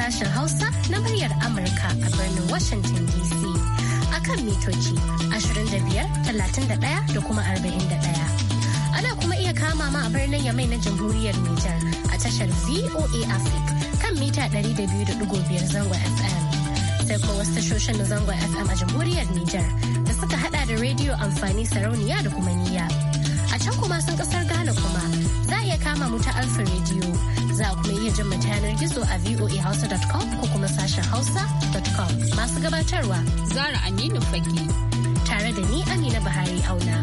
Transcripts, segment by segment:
sashen Hausa na muryar Amurka a birnin Washington DC a kan mitoci 25,31 da kuma 41. Ana kuma iya kama ma a birnin Yamai na Jamhuriyar Nijar a tashar VOA Africa kan mita 200.5 zango FM. Sai kuma wasu tashoshin na zango FM a Jamhuriyar Nijar da suka hada da rediyo amfani sarauniya da kuma niyya. A can kuma sun kasar Ghana kuma za a iya kama mu ta Alfa rediyo za kuma iya jin yanar gizo a voahausa.com ko kuma sashen hausa.com masu gabatarwa zara aminu fage tare da ni amina bahari auna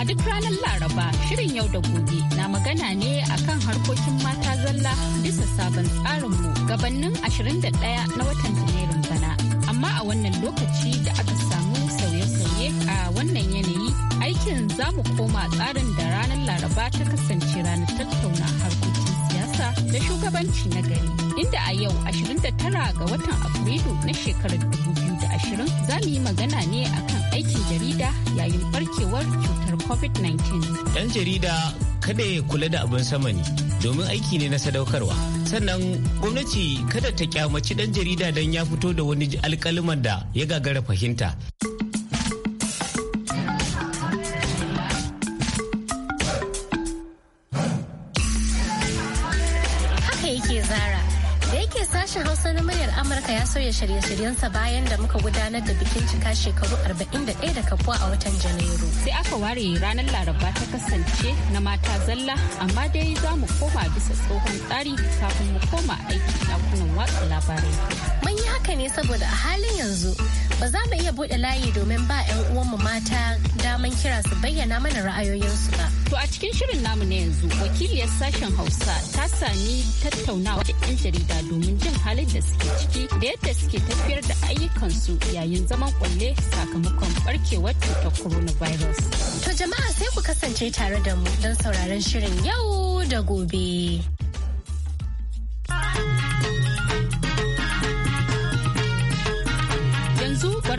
a duk ranar laraba shirin yau da gobe na magana ne akan harkokin mata zalla bisa sabon tsarinmu gabanin 21 na watan janairun bana amma a wannan lokaci da aka samu sauye-sauye a wannan yanayi shirin za mu koma tsarin da ranar Laraba ta kasance ranar tattauna harkokin siyasa da shugabanci na gari. Inda a yau 29 ga watan Afrilu na shekarar 2020 za mu yi magana ne akan aikin jarida yayin barkewar cutar COVID-19. Ɗan jarida kada ya kula da abin sama ne domin aiki ne na sadaukarwa sannan gwamnati kada ta kyamaci ɗan jarida don ya fito da wani alkaliman da ya gagara fahimta. Hausa muryar Amurka ya sauya shirye-shiryensa bayan da muka gudanar da bikin cika shekaru 41 da kafuwa a watan Janairu. Sai aka ware ranar Laraba ta kasance na mata zalla amma dai za mu koma bisa tsohon tsari kafin mu koma aiki ɗakunan watsa labarai. haka ne saboda a halin yanzu ba za mu iya buɗe layi domin ba 'yan uwanmu mata daman kira su bayyana mana ra'ayoyinsu ba. To a cikin shirin namu na yanzu wakiliyar sashen Hausa ta sami tattaunawa da 'yan jarida domin jin halin da suke ciki da yadda suke tafiyar da ayyukansu yayin zaman kwalle sakamakon barkewar cutar coronavirus. To jama'a sai ku kasance tare da mu don sauraron shirin yau da gobe.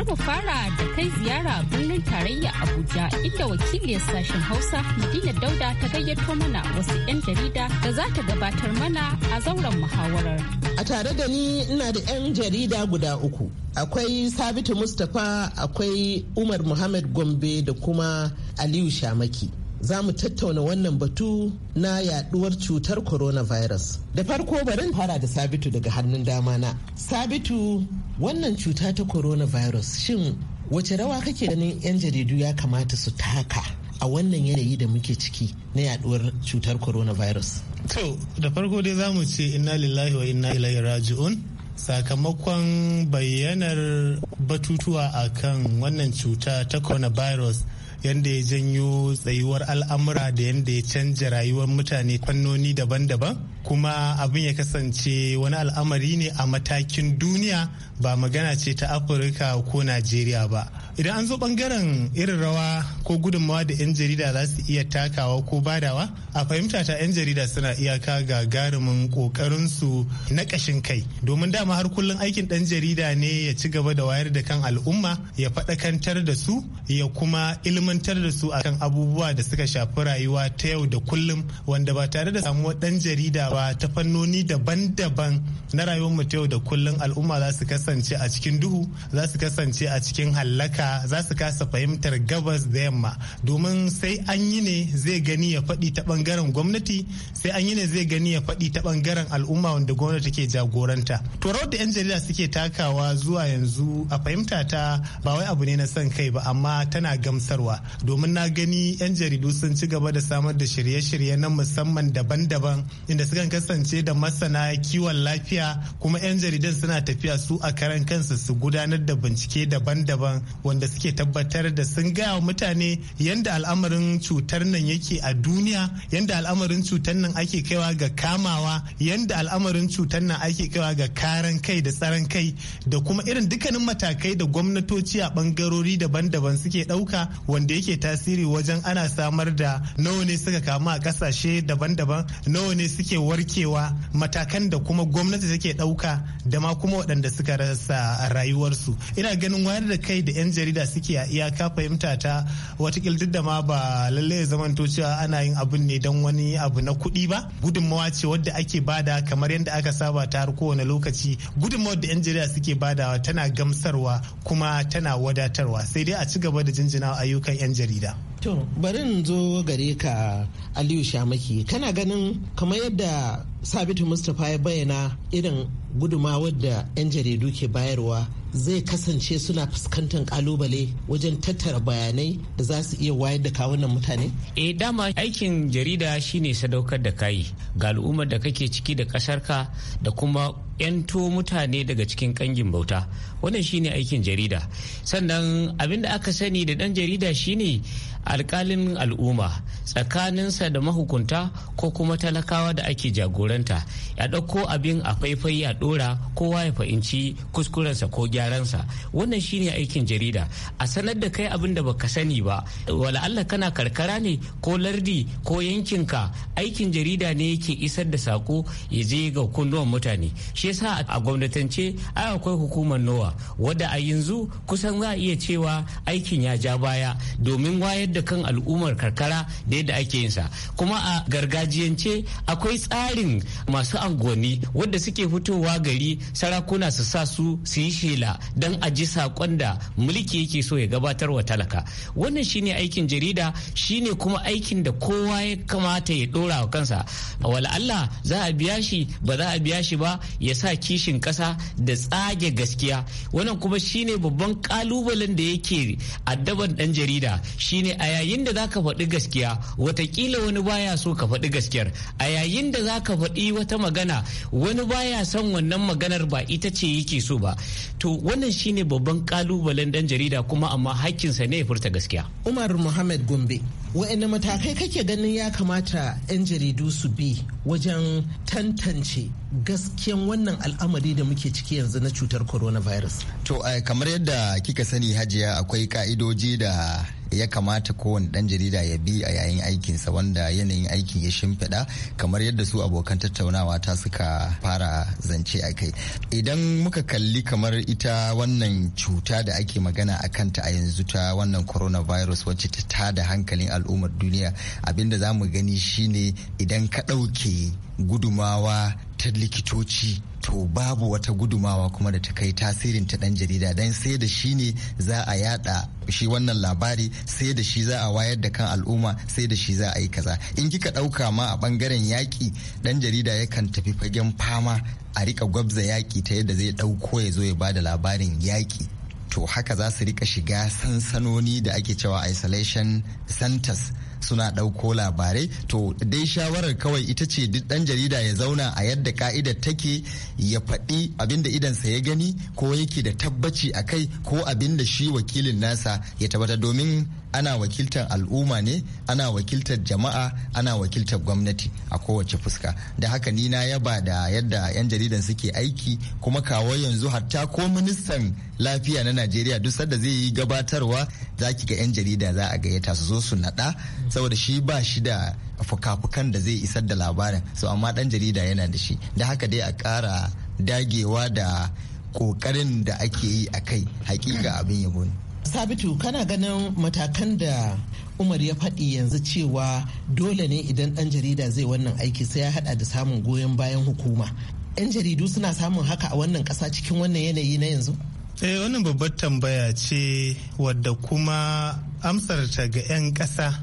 mu fara da kai ziyara birnin tarayya Abuja inda wakiliyar sashen Hausa Madina Dauda ta gayyato mana wasu 'yan jarida da za ta gabatar mana a zauren muhawarar. A tare da ni ina da 'yan jarida guda uku. Akwai Sabitu Mustapha, akwai Umar Muhammad Gombe da kuma Aliyu Shamaki. za mu tattauna wannan batu na yaduwar cutar coronavirus. Da farko bari fara da Sabitu daga hannun dama na. Sabitu wannan cuta ta coronavirus shin wace rawa kake ganin 'yan jaridu ya kamata su taka a wannan yanayi da muke ciki na yaduwar cutar coronavirus? To, da farko dai za mu ce inna lillahi wa inna ilaihi raji'un. Sakamakon bayyanar batutuwa akan wannan cuta ta coronavirus. yadda ya janyo tsayuwar al'amura da yadda ya canja rayuwar mutane fannoni daban-daban kuma abin ya kasance wani al'amari ne a matakin duniya ba magana ce ta afirka ko najeriya ba idan an zo bangaren irin rawa ko gudunmawa da 'yan jarida za su iya takawa ko badawa a fahimta ta 'yan jarida suna iyaka gagarumin kokarinsu na kashin kai domin dama har kullum aikin dan jarida ne ya ci gaba da wayar da kan al'umma ya faɗakantar da su ya kuma ilmantar da su akan abubuwa da suka shafi rayuwa ta yau da kullum wanda ba tare da samuwar dan jarida ba ta fannoni daban-daban na rayuwar mu ta yau da kullum al'umma za su kasance a cikin duhu za su kasance a cikin hallaka za su kasa fahimtar gabas da yamma domin sai an yi ne zai gani ya faɗi ta ɓangaren gwamnati sai an yi ne zai gani ya faɗi ta ɓangaren al'umma wanda gwamnati ke jagoranta to da 'yan jarida suke takawa zuwa yanzu a fahimta ta ba wai abu ne na son kai ba amma tana gamsarwa domin na gani 'yan jaridu sun ci gaba da samar da shirye-shirye na musamman daban-daban inda sukan kasance da masana kiwon lafiya kuma 'yan jaridan suna tafiya su a karan kansu su gudanar da bincike daban-daban wanda suke tabbatar da sun gaya wa mutane yadda al'amarin cutar nan yake a duniya yadda al'amarin cutar nan ake kaiwa ga kamawa yadda al'amarin cutar nan ake kaiwa ga karan kai da tsaron kai da kuma irin dukkanin matakai da gwamnatoci a bangarori daban-daban suke ɗauka wanda yake tasiri wajen ana samar da nawa ne suka kamu a kasashe daban-daban nawa ne suke warkewa matakan da kuma gwamnati take ɗauka da ma kuma waɗanda suka rasa rayuwarsu ina ganin wayar da kai da 'yan jarida suke a iyaka fahimta ta watakil duk da ma ba lalle ya cewa ana yin abin ne don wani abu na kuɗi ba gudunmawa ce wadda ake bada kamar yadda aka saba ta har kowane lokaci gudunmawar da yan jarida suke badawa tana gamsarwa kuma tana wadatarwa sai dai a ci gaba da jinjina ayyukan yan jarida to bari in zo gare ka aliyu shamaki kana ganin kamar yadda sabitu mustapha ya bayyana irin gudumawar da 'yan jaridu ke bayarwa zai kasance suna fuskantar kalubale wajen tattara bayanai da za su iya wayar da kawunan mutane? E dama aikin jarida shine sadaukar da kayi ga al'ummar da kake ciki da kasarka da kuma 'yanto mutane daga cikin kangin bauta wannan shine aikin jarida sannan abin da aka sani da dan jarida shine alkalin al'umma tsakaninsa da mahukunta ko kuma talakawa da ake jagora jagoranta ya ɗauko abin a faifai ya ɗora kowa ya fahimci kuskurensa ko gyaransa wannan shine aikin jarida a sanar da kai abin da baka sani ba wala Allah kana karkara ne ko lardi ko yankinka aikin jarida ne yake isar da sako ya je ga kunnuwan mutane shi yasa a gwamnatance ai akwai hukumar nowa wadda a yanzu kusan za a iya cewa aikin ya ja baya domin wayar da kan al'ummar karkara da yadda ake yinsa kuma a gargajiyance akwai tsarin masu angoni wadda suke fitowa gari sarakuna su sa su su yi shela don a ji saƙon da mulki yake so ya gabatar wa talaka wannan shine aikin jarida shine kuma aikin da kowa ya kamata ya ɗora wa kansa wala Allah za a biya shi ba za a biya shi ba ya sa kishin ƙasa da tsage gaskiya wannan kuma shine babban kalubalen da yake addaban dan jarida shine a yayin da za ka faɗi gaskiya watakila wani baya so ka faɗi gaskiyar a yayin da za ka faɗi wata magana wani baya son wannan maganar ba ita ce yake so ba to wannan shine babban kalubalen dan jarida kuma amma hakkinsa ne ya furta gaskiya umar muhammad gombe wa'anne matakai kake ganin ya kamata 'yan jaridu su bi wajen tantance gaskiyan wannan al'amari da muke ciki yanzu na cutar coronavirus to kamar yadda kika sani hajiya akwai ka'idoji da ya kamata kowane dan jarida ya bi a yayin aikinsa wanda yanayin aikin ya shimfiɗa kamar yadda su abokan tattaunawa ta suka fara zance a kai idan muka kalli kamar ita wannan cuta da ake magana a kanta a yanzu ta wannan coronavirus wacce ta tada hankalin al'ummar duniya abinda za mu gani shine idan ka ɗauke gudumawa ta likitoci to babu wata gudumawa kuma da ta kai tasirin ta dan jarida dan sai da shi ne za a yada shi wannan labari sai da shi za a wayar da kan al'umma sai da shi za a yi kaza in kika dauka ma a bangaren yaki dan jarida yakan tafi fagen fama a rika gwabza yaki ta yadda zai dauko ya zo ya bada labarin yaki to haka za su rika shiga sansanoni da ake cewa isolation centers suna ɗauko labarai to dai shawarar kawai ita ce duk ɗan jarida ya zauna a yadda ka'idar take ya faɗi abinda idonsa idansa ya gani ko yake da tabbaci a kai ko abinda shi wakilin nasa ya tabbatar domin ana wakiltar al'umma ne ana wakiltar jama'a ana wakiltar gwamnati a kowace fuska da haka ni na yaba da yadda 'yan jaridan suke aiki kuma kawo yanzu hatta ko ministan lafiya na najeriya duk sadda zai yi gabatarwa za ki ga 'yan jarida za a gayyata su zo su naɗa saboda shi ba shi da fukafukan da zai isar da labarin so amma dan jarida yana da shi da haka dai a ƙara dagewa da ƙoƙarin da ake yi a kai hakika abin yabo ne sabitu kana ganin matakan da umar ya faɗi yanzu cewa dole ne idan ɗan jarida zai wannan aiki sai ya haɗa da samun goyon bayan hukuma 'yan jaridu suna samun haka a wannan ƙasa cikin wannan yanayi na yanzu eh wannan babbar tambaya ce wadda kuma amsar ta ga 'yan ƙasa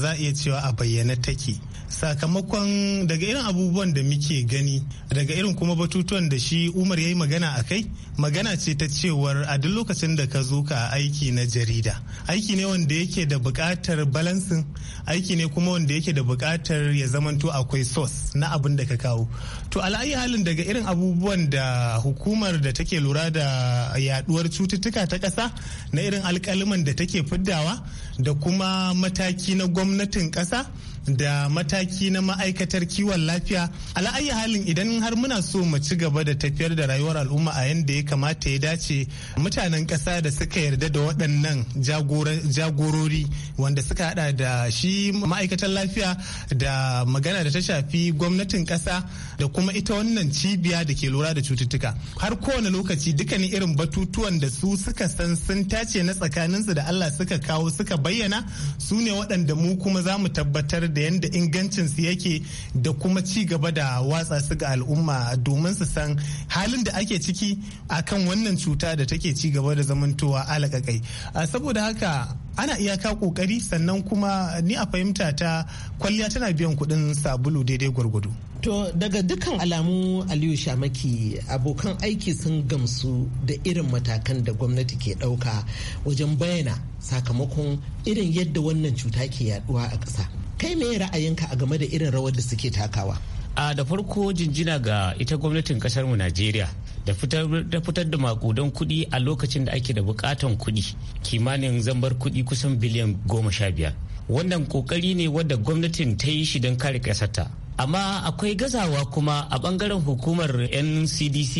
za a iya cewa a bayyane take sakamakon daga irin abubuwan da muke gani daga irin kuma batutuwan da shi umar ya yi magana a kai magana ce ta cewar a duk lokacin da ka zo ka aiki na jarida aiki ne wanda yake da bukatar balansin aiki ne kuma wanda yake da bukatar ya zamanto akwai sos na abin da ka kawo to ala'ayi halin daga irin abubuwan da hukumar da take lura da yaduwar cututtuka ta ƙasa na irin alƙaliman da take fiddawa da kuma mataki na gwamnatin ƙasa da mataki na ma'aikatar kiwon lafiya ala'ayya halin idan har muna so mu ci gaba da tafiyar da rayuwar al'umma a yadda ya kamata ya dace mutanen ƙasa da suka yarda da waɗannan jagorori wanda suka hada da shi ma'aikatar lafiya da magana da ta shafi gwamnatin kasa da kuma ita wannan cibiya da ke lura da cututtuka har kowane lokaci dukkanin irin batutuwan da su suka san sun tace na tsakaninsu da allah suka kawo suka bayyana su ne waɗanda mu kuma za mu tabbatar da yadda ingancin su yake da kuma ci gaba da watsa su ga al'umma domin su san halin da ake ciki akan wannan cuta da take ci gaba da zamantowa alakakai saboda haka ana iyaka kokari sannan kuma ni a fahimta ta kwalliya tana biyan kuɗin sabulu daidai gwargwado To daga dukkan alamu Aliyu Shamaki abokan aiki sun gamsu da irin matakan da gwamnati ke ɗauka wajen bayyana sakamakon irin yadda wannan cuta ke yaduwa a ƙasa. kai me ra'ayinka a game da irin rawar da suke takawa a da farko jinjina ga ita gwamnatin kasarmu najeriya da fitar da makudan kudi a lokacin da ake da bukatan kudi kimanin zambar kudi kusan biliyan goma sha biyar wannan kokari ne wadda gwamnatin ta yi shi don kare kasarta. amma akwai gazawa kuma a bangaren hukumar ncdc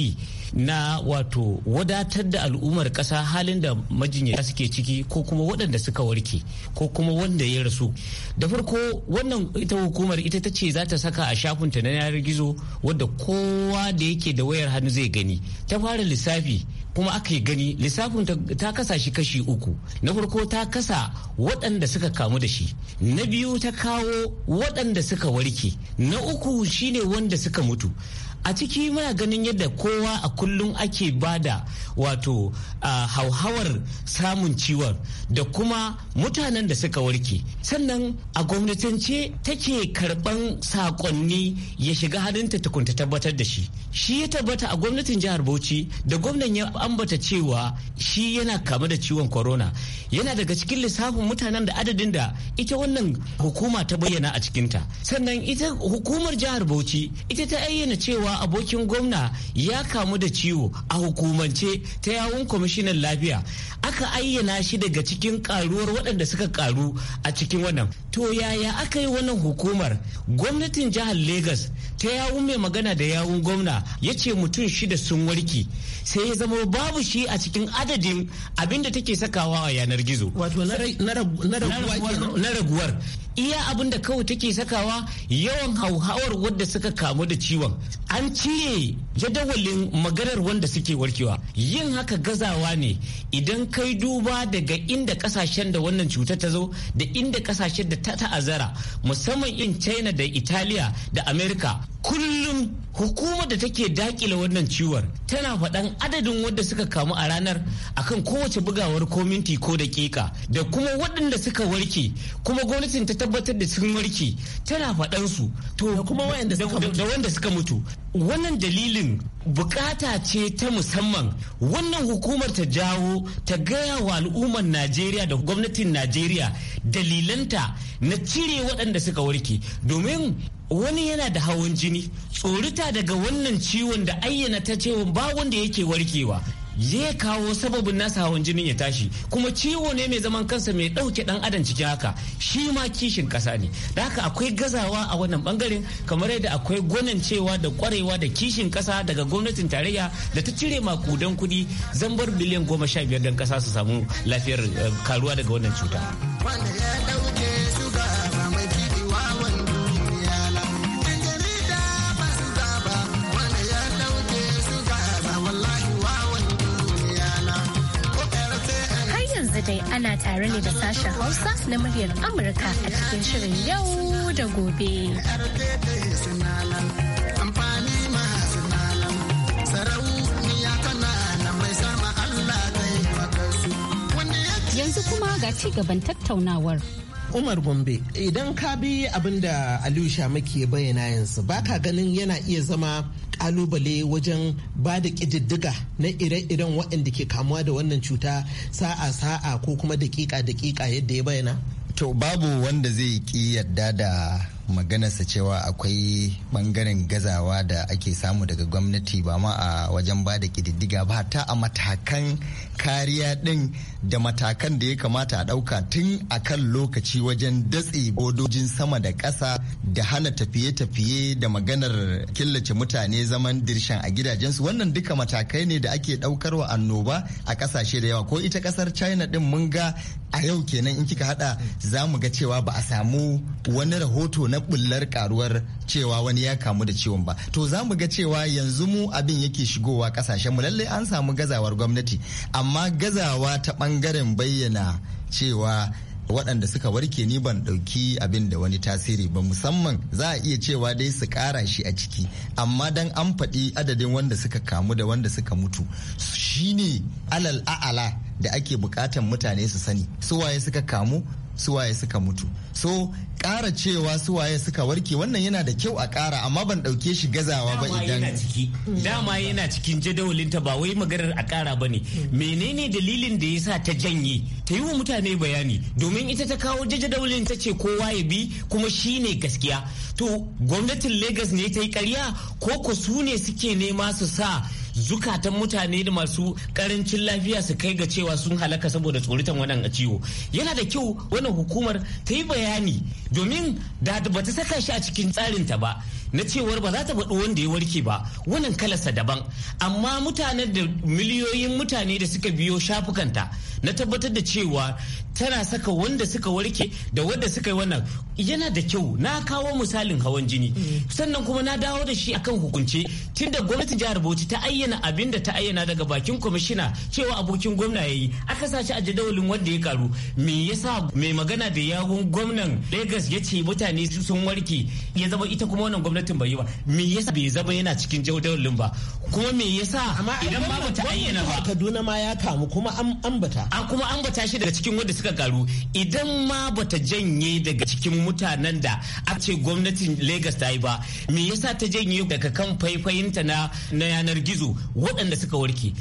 na wato wadatar da al'ummar ƙasa halin da majinyata suke ciki ko kuma waɗanda suka warke ko kuma wanda ya rasu da farko wannan ita hukumar ita ta ce za ta saka a shafinta na yanar gizo wadda kowa da yake da wayar hannu zai gani ta fara lissafi kuma aka yi gani lissafin ta kasa shi kashi uku na farko ta kasa waɗanda suka kamu da shi na biyu ta kawo waɗanda suka warke na uku shine wanda suka mutu a ciki muna ganin yadda kowa a kullum ake bada wato hauhawar samun ciwon da kuma mutanen da suka warke sannan a gwamnatance take karban sakonni ya shiga hannunta tukunta tabbatar da shi shi ya tabbata a gwamnatin jihar bauchi da gwamnan ya ambata cewa shi yana kama da ciwon corona yana daga cikin lissafin mutanen da adadin da ita wannan hukuma ta bayyana a cikinta sannan ita hukumar jihar bauchi ita ta ayyana cewa abokin gwamna ya kamu da ciwo a hukumance ta yawun kwamishinan lafiya aka ayyana shi daga cikin karuwar waɗanda suka karu a cikin wannan to yaya aka yi wannan hukumar gwamnatin jihar Legas ta yawun mai magana da yawun gwamna ya ce mutum shida sun warke sai ya zama babu shi a cikin adadin abinda take sakawa a yanar gizo wato na raguwar iya abin da kawai take sakawa yawan hauhawar wadda suka kamu da ciwon an cire jadawalin maganar wanda suke warkewa yin haka gazawa ne idan kai duba daga inda kasashen da wannan cutar ta zo da inda kasashen da ta ta'azara musamman in china da italiya da america kullum hukumar da take daƙile wannan ciwon tana faɗan adadin wadda suka kamu a ranar akan kowace bugawar ko minti ko daƙiƙa da kuma waɗanda suka warke kuma gwamnatin ta tabbatar da sun warke tana faɗan su to kuma da wanda suka mutu wannan dalilin bukata ce ta musamman wannan hukumar ta jawo ta gaya wa al'ummar najeriya da gwamnatin najeriya dalilanta na cire waɗanda suka warke domin wani yana da hawan jini tsorita daga wannan ciwon da ayyana ta cewa ba wanda yake warkewa ya kawo sababin nasa hawan jini ya tashi kuma ciwo ne mai zaman kansa mai ɗauke ɗan adam cikin haka shi ma kishin ƙasa ne da haka akwai gazawa a wannan bangaren kamar yadda akwai gwanin cewa da kwarewa da kishin ƙasa daga gwamnatin tarayya da ta cire makudan kuɗi zambar biliyan goma sha biyar don ƙasa su samu lafiyar eh, karuwa daga wannan cuta. dai ana tare ne da sashen Hausa na muryar Amurka a cikin shirin yau da gobe. Yanzu kuma ga ci gaban tattaunawar. Umar Gombe idan ka bi abinda Aliyu Shamaki ya bayyana yanzu baka ganin yana iya zama kalubale wajen ba da ƙididdiga na ire-iren waɗanda ke kamuwa da wannan cuta sa'a-sa'a ko kuma daƙiƙa dakika yadda ya bayyana? To babu wanda zai ki yadda da maganarsa cewa akwai bangaren gazawa da ake samu daga gwamnati ba ma a wajen ba da kididdiga ba ta a matakan kariya din da matakan da ya kamata a dauka tun a kan lokaci wajen datse bodojin sama da ƙasa da hana tafiye-tafiye da maganar killace mutane zaman dirshan a gidajensu wannan duka matakai ne da ake ɗaukarwa annoba a ƙasashe da yawa ko ita kasar china din mun ga a yau kenan in kika hada za mu ga cewa ba a samu wani rahoto na na bullar karuwar cewa wani ya kamu da ciwon ba to za mu ga cewa yanzu mu abin yake shigowa kasashen mu lallai an samu gazawar gwamnati amma gazawa ta bangaren bayyana cewa waɗanda suka warke ni ban ɗauki abin da wani tasiri ba musamman za a iya cewa dai su ƙara shi a ciki amma dan an faɗi adadin wanda suka kamu da wanda suka mutu shine alal a'ala da ake bukatan mutane su sani su waye suka kamu suwaye suka mutu so ƙara cewa suwaye suka warke wannan yana da kyau a ƙara amma ban ɗauke shi gazawa ba idan dama yana cikin jadawalin ta ba wai maganar a ƙara ba ne menene dalilin da ya sa ta janye ta yi wa mutane bayani domin ita ta kawo jadawalin ta ce kowa ya bi kuma shi ne gaskiya to gwamnatin lagos ne ta yi ƙarya ko ku su ne suke nema su sa zukatan mutane da masu karancin lafiya su kai ga cewa sun halaka saboda tsoritan wannan ciwo yana da kyau wannan hukumar ta yi bayani domin da bata saka shi a cikin tsarinta ba na cewar ba za ta faɗi wanda ya warke ba wannan kalarsa daban amma mutanen da miliyoyin mutane da suka biyo shafukanta na tabbatar da cewa tana saka wanda suka warke da wanda suka yi wannan yana da kyau na kawo misalin hawan jini sannan kuma na dawo da shi akan hukunce tunda gwamnatin jihar Bauchi ta ayyana abin da ta ayyana daga bakin kwamishina cewa abokin gwamna ya yi aka sa a jadawalin wanda ya karu me yasa mai magana da yawun gwamnan Lagos ya ce mutane sun warke ya zama ita kuma wannan gwamnati gwamnatin bai yi ba me yasa bai zama yana cikin jadawalin ba kuma me yasa idan ma bata ayyana ba Kaduna ma ya kamu kuma an ambata a kuma ambata shi daga cikin wanda suka karu idan ma bata janye daga cikin mutanen da a ce gwamnatin Lagos ta yi ba me yasa ta janye daga kan faifayinta na na yanar gizo waɗanda suka warke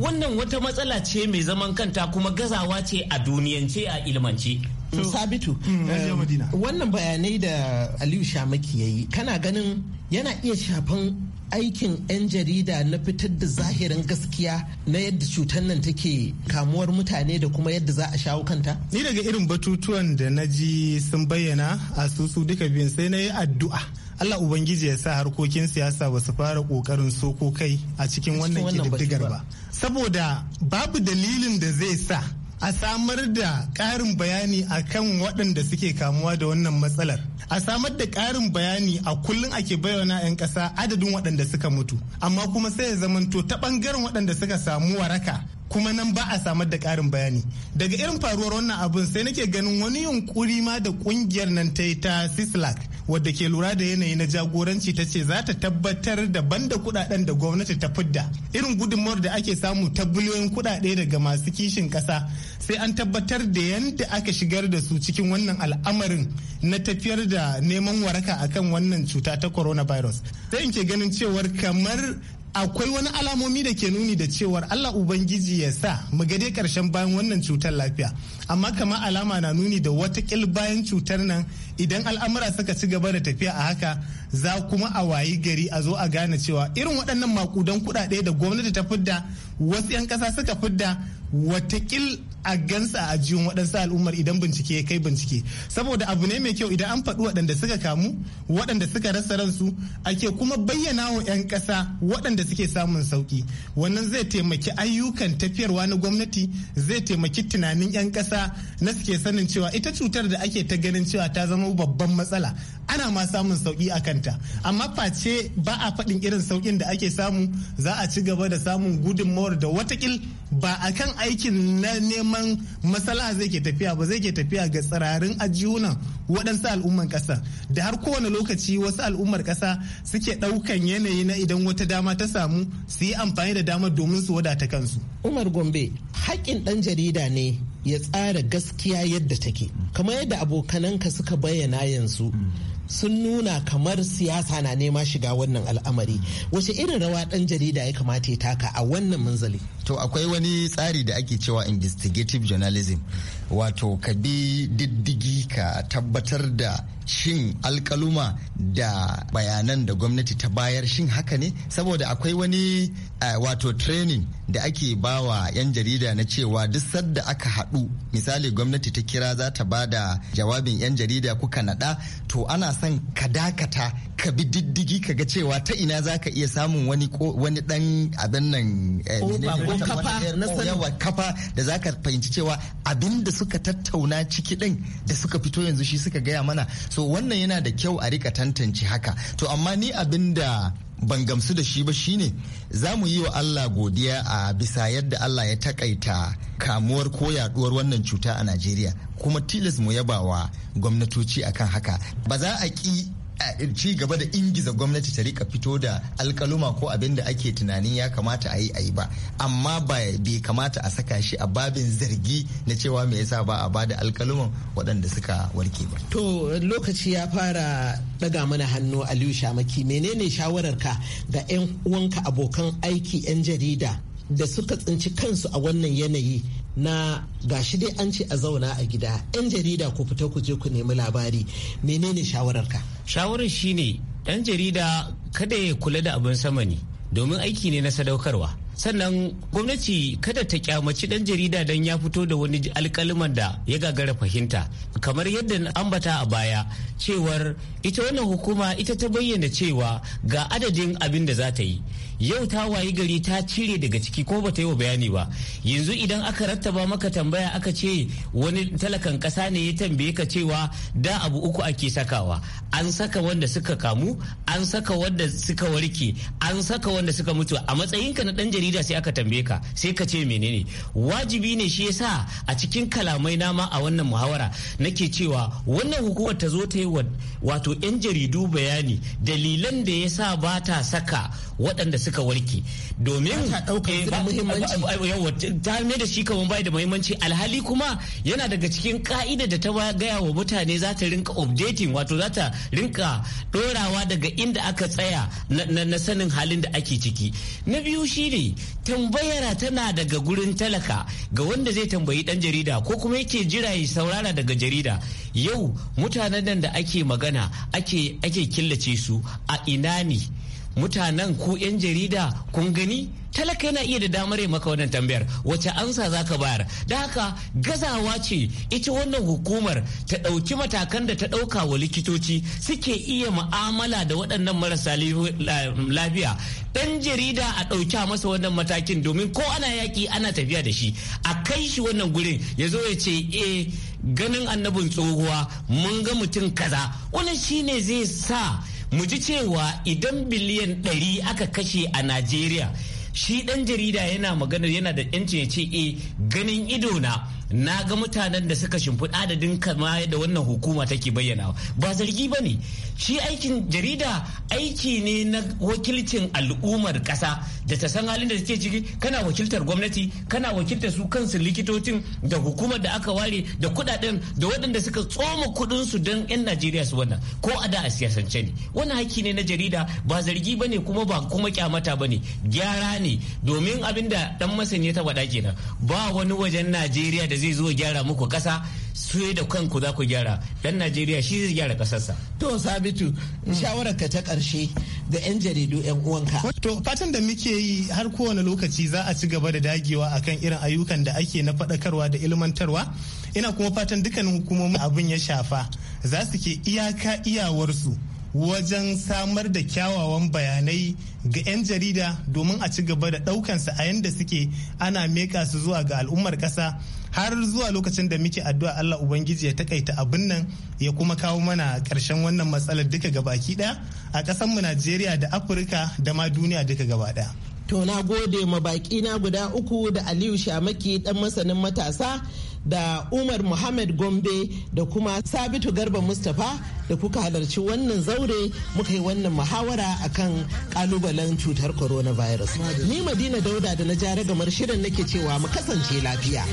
wannan wata matsala ce mai zaman kanta kuma gazawa ce a duniyance a ilmance sabitu mm, eh, wannan bayanai da aliyu shamaki ya yi kana ganin yana iya shafan aikin 'yan jarida na fitar da zahirin gaskiya na yadda cutar nan take kamuwar mutane da kuma yadda za a shawo kanta? Ni daga irin batutuwan da na ji sun bayyana a susu duka biyun sai na yi addu'a. Allah Ubangiji ya sa harkokin siyasa ba su fara ƙoƙarin soko kai a cikin wannan kididdigar ba. Saboda babu dalilin da zai sa a samar da ƙarin bayani a kan waɗanda suke kamuwa da wannan matsalar a samar da ƙarin bayani a kullum ake bayyana 'yan ƙasa adadin waɗanda suka mutu amma kuma sai ya zamanto ta ɓangaren waɗanda suka samu waraka kuma nan ba a samar da ƙarin bayani daga irin faruwar wannan abin sai nake ganin wani yunkuri ma da ƙungiyar nan ta yi ta sislak wadda ke lura da yanayi na jagoranci ta ce za ta tabbatar da banda kudaden da gwamnati ta fidda irin gudunmawar da ake samu ta biliyoyin kudade daga masu kishin kasa sai an tabbatar da yadda aka shigar da su cikin wannan al'amarin na tafiyar da neman waraka akan wannan cuta ta coronavirus sai in ke ganin cewar kamar akwai wani alamomi da ke nuni da cewar Allah Ubangiji ya sa mu gade karshen bayan wannan cutar lafiya amma kama alama na nuni da wata kil bayan cutar nan idan al'amura suka ci gaba da tafiya a haka za kuma a wayi gari a zo a gane cewa irin waɗannan makudan kuɗaɗe da gwamnati ta fidda wasu 'yan ƙasa suka fidda watakil a gansa a jiyon waɗansu al'ummar idan bincike ya kai bincike saboda abu ne mai kyau idan an faɗi waɗanda suka kamu waɗanda suka rasa ransu ake kuma bayyana wa 'yan ƙasa waɗanda suke samun sauƙi wannan zai taimaki ayyukan tafiyarwa na gwamnati zai taimaki tunanin 'yan ƙasa na suke sanin cewa ita cutar da ake ta ganin cewa ta zama babban matsala ana ma samun sauki a kanta amma face ba a faɗin irin saukin da ake samu za a ci gaba da samun gudunmawar da watakil ba a kan aikin na neman masala zai ke tafiya ba zai ke tafiya ga tsirarin ajiyuna waɗansu al'ummar ƙasa da har kowane lokaci wasu al'ummar ƙasa suke ɗaukan yanayi na idan wata dama ta samu su yi amfani da damar domin su wadata kansu. Umar Gombe haƙƙin ɗan jarida ne ya tsara gaskiya yadda take kamar yadda abokananka suka bayyana yanzu sun nuna kamar siyasa na nema shiga wannan al'amari wace irin rawa dan jarida ya kamata ya taka a wannan manzali. to akwai wani tsari da ake cewa investigative journalism wato ka bi diddigi ka tabbatar da shin alkaluma da bayanan da gwamnati ta bayar shin haka ne saboda akwai wani eh, wato training da ake bawa 'yan jarida na cewa duk sadda aka haɗu misali gwamnati ta kira za ta ba da jawabin 'yan jarida kuka naɗa to ana son ka dakata ka bi diddigi ka ga cewa ta ina za ka iya samun wani wani dan abin nan eh, kafa da za ka fahimci cewa abin da suka tattauna ciki ɗin da suka fito yanzu shi suka gaya mana so so wannan yana da kyau a rika tantance haka to amma ni abin da ban gamsu da shi ba shine za mu yi wa Allah godiya a bisa yadda Allah ya takaita kamuwar ko yaduwar wannan cuta a Najeriya kuma tilas mu yaba wa gwamnatoci akan haka ba za a ki ci gaba da ingiza gwamnati ta rika fito da alkaluma ko abin da ake tunanin ya kamata a yi a yi ba amma ba bai kamata a saka shi a babin zargi na cewa me yasa ba a ba da alkaluman waɗanda suka warke ba to lokaci ya fara daga mana hannu aliyu shamaki menene shawararka ga 'yan uwanka abokan aiki 'yan jarida da suka tsinci kansu a wannan yanayi na gashi dai an ce a zauna a gida 'yan jarida ku fita ku je ku nemi labari menene shawararka shawarar shine ɗan jarida kada ya kula da abin sama ne domin aiki ne na sadaukarwa sannan gwamnati kada ta kyamaci dan jarida don ya fito da wani alkaliman da ya gagara fahimta kamar yadda ambata a baya cewar ita wannan hukuma ita ta bayyana cewa ga adadin abin da za ta yi yau ta wayi gari ta cire daga ciki ko bata yi wa bayani ba yanzu idan aka rattaba maka tambaya aka ce wani talakan kasa ne ya tambaye ka cewa da abu uku ake sakawa an saka wanda suka kamu an saka wanda suka warke an saka wanda suka mutu a matsayinka na dan jarida sai aka tambaye ka sai ka ce menene wajibi ne shi yasa a cikin kalamai na ma a wannan muhawara nake cewa wannan hukumar ta zo ta yi wato yan jaridu bayani dalilan da yasa ba ta saka waɗanda suka warke domin eh, ta mai da shi kamar bai da muhimmanci alhali kuma yana daga cikin ka'ida da ta gaya wa mutane za ta rinka updating wato za ta rinka ɗorawa daga inda aka tsaya na sanin halin da ake ciki na biyu shi ne tambayara tana daga gurin talaka ga wanda zai tambayi dan jarida ko kuma yake jira ya saurara daga jarida yau mutanen nan da ake magana ake killace su a ina ne mutanen ku 'yan jarida kun gani talaka yana iya da damar maka wannan tambayar wacce ansa za ka bayar da haka gazawa ce ita wannan hukumar ta ɗauki matakan da ta ɗauka wa likitoci suke iya ma'amala da waɗannan marasa lafiya ɗan jarida a ɗauki a masa wannan matakin domin ko ana yaƙi ana tafiya da shi a kai shi wannan gurin ya zo ya ce eh ganin annabin tsohuwa mun ga mutum kaza wannan shine zai sa mu ji cewa idan biliyan ɗari aka kashe a najeriya shi ɗan jarida yana maganar yana da 'yanci ya ce e ganin idona. na ga mutanen da suka shimfiɗa adadin kama yadda wannan hukuma take bayyana ba zargi ba ne shi aikin jarida aiki ne na wakilcin al'ummar ƙasa da ta san halin da take ciki kana wakiltar gwamnati kana wakiltar su kansu likitocin da hukumar da aka ware da kuɗaɗen da waɗanda suka tsoma kuɗin su don 'yan najeriya su wannan ko a da a siyasance ne wannan haƙƙi ne na jarida ba zargi ba ne kuma ba kuma kyamata ba ne gyara ne domin abin da ɗan masani ya taɓa kenan ba wani wajen najeriya da zai zo gyara muku kasa sai da kanku za ku gyara dan najeriya shi zai gyara kasarsa to sabitu mm. shawarar ka ta karshe ga yan jaridu yan uwanka to fatan da muke yi har kowane lokaci za a ci gaba da dagewa akan irin ayyukan da ake na faɗakarwa da ilmantarwa ina kuma fatan dukkanin hukumomi abin ya shafa za su ke iyaka iyawarsu wajen samar da kyawawan bayanai ga 'yan jarida domin a ci gaba da ɗaukansa a yadda suke ana meka su zuwa ga al'ummar ƙasa har zuwa lokacin da muke addu'a Allah ubangiji ya takaita abin nan ya kuma kawo mana karshen wannan matsalar duka gabaki ɗaya a ƙasar mu Najeriya da Afirka da ma duniya duka gaba ɗaya. to na gode ma baki na guda uku da Aliyu Shamaki dan masanin matasa da umar muhammad gombe da kuma sabitu garba mustapha da kuka halarci wannan zaure muka yi wannan muhawara akan kalubalen cutar coronavirus ni madina dauda da na gamar shirin nake cewa mu kasance lafiya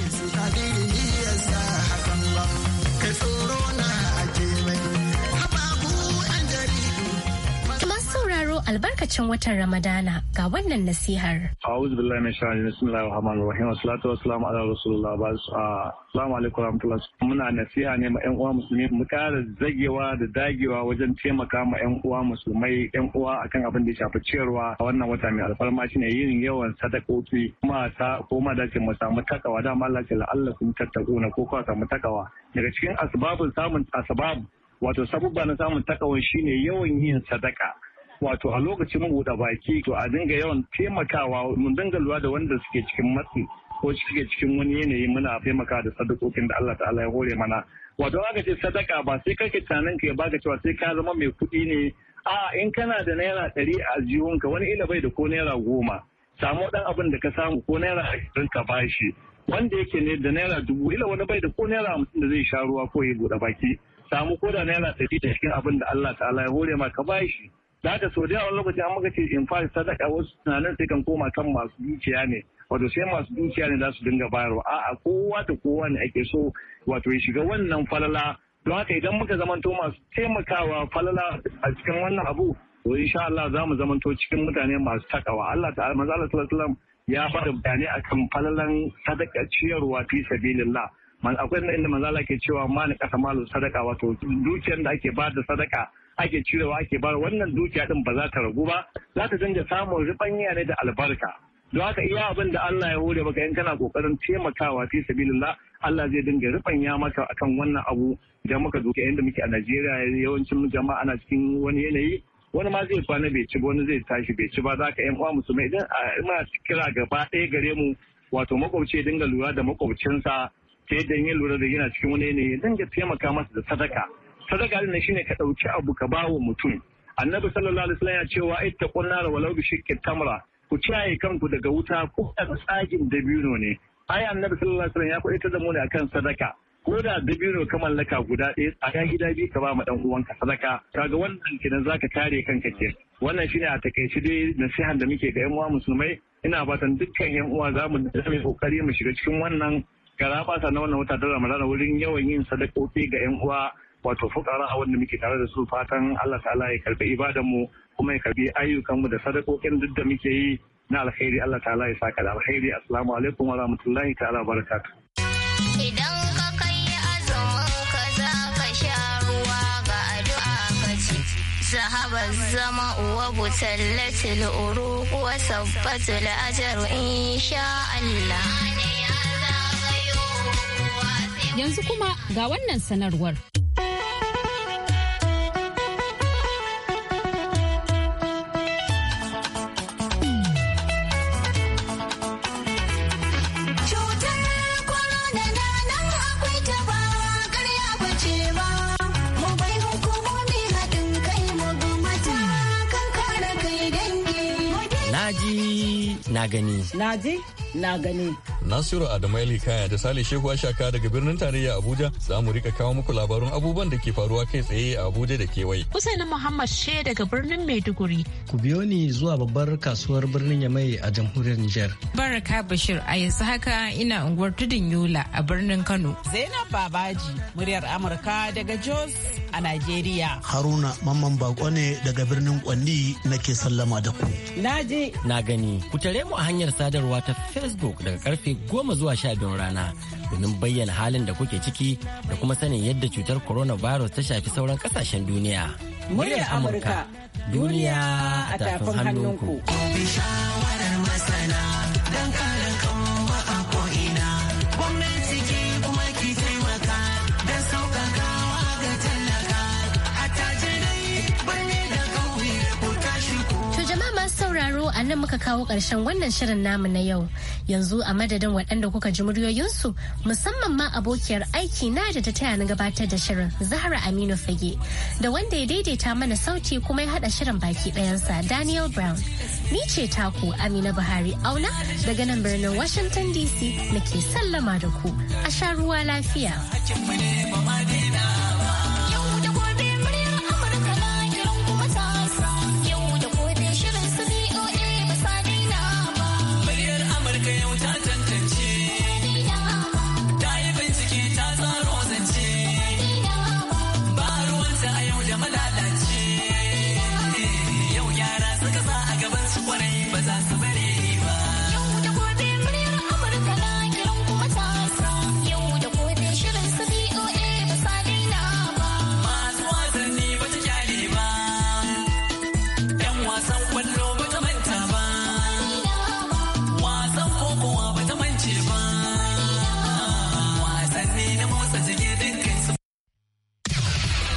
albarkacin watan Ramadana ga wannan nasihar. A'udhu billahi minash shaitanir rajim. Bismillahir rahmanir rahim. Wassalatu wassalamu ala rasulillah. Ah, assalamu alaikum warahmatullahi. Muna nasiha ne ma ƴan uwa musulmi mu ƙara zagewa da dagewa wajen taimaka ma ƴan uwa musulmai ƴan uwa akan abin da ya shafi ciyarwa a wannan wata mai alfarma ne yin yawan sadakoki kuma ta koma da mu samu takawa dama Allah ce la'alla kun na ko kuma samu takawa daga cikin asbabun samun asbab wato sabubba na samun takawa shine yawan yin sadaka wato a lokacin buɗe baki to a dinga yawan taimakawa mun dinga lura da wanda suke cikin matsi ko suke cikin wani yanayi muna taimaka da sadakokin da Allah ta'ala ya hore mana wato aka ce sadaka ba sai kake tunanin ka ya baka cewa sai ka zama mai kuɗi ne a in kana da naira ɗari a jiwonka wani ila bai da ko naira goma samu ɗan abin da ka samu ko naira ashirin ka bashi wanda yake ne da naira dubu ila wani bai da ko naira hamsin da zai sha ruwa ko ya buɗe baki samu ko da naira ɗari da cikin abin da Allah ta'ala ya hore ma ka bashi da haka sau da wani lokaci an maka ce in fara sadaka wasu tunanin sai kan koma kan masu dukiya ne wato sai masu dukiya ne za su dinga bayarwa a kowa da kowa ne ake so wato ya shiga wannan falala don haka idan muka zamanto masu taimakawa falala a cikin wannan abu to insha Allah za mu zamanto cikin mutane masu takawa Allah ta'ala manzo Allah sallallahu ya fara bayani akan falalan sadaka ciyarwa fi sabilillah man akwai inda manzo Allah ke cewa ma ni kasa sadaka wato dukiyar da ake ba da sadaka ake cirewa ake bar wannan dukiya din ba za ta ragu ba za ta dinga samun ribanya ne da albarka don haka iya abin da Allah ya hore maka in kana kokarin taimakawa fi sabilillah Allah zai dinga ribanya maka akan wannan abu idan muka duka yanda muke a Najeriya yawancin jama'a ana cikin wani yanayi wani ma zai kwana bai ci ba wani zai tashi bai ci ba za ka yan uwa musulmai idan ina kira gaba ɗaya gare mu wato makwabci dinga lura da makwabcinsa sai dan ya lura da yana cikin wani yanayi dinga taimaka masa da sadaka sadaka ne shine ka ɗauki abu ka ba wa mutum annabi sallallahu alaihi wasallam ya cewa ittaqun nar walau bi shiqqi tamra ku ciyaye kanku daga wuta ko daga tsagin dabino ne ai annabi sallallahu alaihi wasallam ya kuɗi ita da mu ne akan sadaka ko da dabino ka mallaka guda ɗaya tsaya gida biyu ka ba ma dan uwanka sadaka kaga wannan kenan zaka kare kanka ke wannan shine a takaice dai nasihan da muke ga yan uwa musulmai ina fatan dukkan yan uwa za mu yi kokari mu shiga cikin wannan sa na wannan wata da ramadana wurin yawan yin sadakoki ga yan uwa wato fukara a wanda muke tare da su fatan Allah ta'ala ya karbi ibadan mu kuma ya karbi ayyukanmu da sadakokin duk da muke yi na alkhairi Allah ta'ala ya saka da alkhairi assalamu alaikum wa rahmatullahi ta'ala idan ka kai ka za sha ruwa ga addu'a zahaba zama uwa butallatil wa sabbatul insha Allah yanzu kuma ga wannan sanarwar na gani na ji na gani Nasiru Adamaili Kaya da Sale Shehu Ashaka daga birnin tarayya Abuja za mu rika kawo muku labarun abubuwan da ke faruwa kai tsaye a Abuja da kewaye. Hussaini Muhammad She daga birnin Maiduguri. Ku biyo ni zuwa babbar kasuwar birnin Yamai a jamhuriyar Nijar. Baraka Bashir a yanzu haka ina unguwar Tudun Yola a birnin Kano. Zainab Babaji muryar Amurka daga Jos a Najeriya. Haruna Mamman Bako ne daga birnin Kwanni nake sallama da ku. Naje. Na gani. Ku tare mu a hanyar sadarwa ta Facebook daga karfe goma zuwa sha biyun rana domin bayyana halin da kuke ciki da kuma sanin yadda cutar coronavirus ta shafi sauran kasashen duniya. Muryar Amurka, duniya a tafin hannunku. a nan muka kawo ƙarshen wannan shirin namu na yau. Yanzu a madadin waɗanda kuka ji muryoyinsu musamman ma abokiyar aiki na da ta taya na gabatar da shirin Zahra Aminu Fage da wanda ya daidaita mana sauti kuma ya haɗa shirin baki ɗayansa Daniel Brown. Ni ce taku Amina Buhari Auna daga nan birnin Washington DC ke sallama da ku a sha ruwa lafiya.